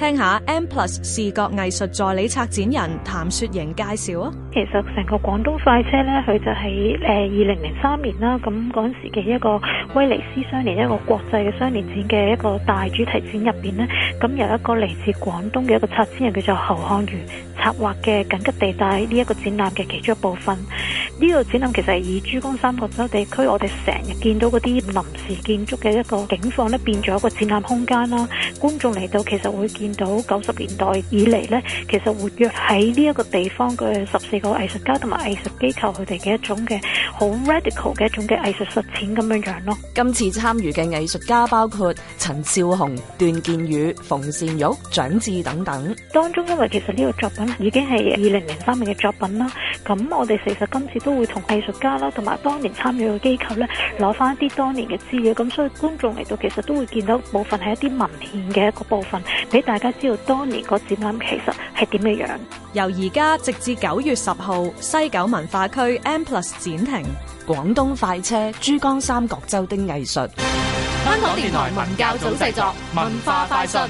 聽下 M+ 視覺藝術助理策展人譚雪瑩介紹啊。其實成個廣東快車呢，佢就喺誒二零零三年啦。咁嗰陣時嘅一個威尼斯雙年一個國際嘅雙年展嘅一個大主題展入邊呢，咁有一個嚟自廣東嘅一個策展人叫做侯瀚如策劃嘅《緊急地帶》呢一個展覽嘅其中一部分。呢度展覽其實係以珠江三角洲地區，我哋成日見到嗰啲臨時建築嘅一個景況咧，變咗一個展覽空間啦。觀眾嚟到其實會見到九十年代以嚟咧，其實活躍喺呢一個地方嘅十四個藝術家同埋藝術機構佢哋嘅一種嘅好 radical 嘅一種嘅藝術實踐咁樣樣咯。今次參與嘅藝術家包括陳少雄、段建宇、馮善玉、蔣志等等。當中因為其實呢個作品已經係二零零三年嘅作品啦。咁我哋其實今次都會同藝術家啦，同埋當年參與嘅機構咧，攞翻一啲當年嘅資料。咁所以觀眾嚟到其實都會見到部分係一啲文獻嘅一個部分，俾大家知道當年嗰展覽其實係點嘅樣。由而家直至九月十號，西九文化區 M+ 展廳，廣東快車珠江三角洲的藝術。香港電台文教組製作，文化快訊。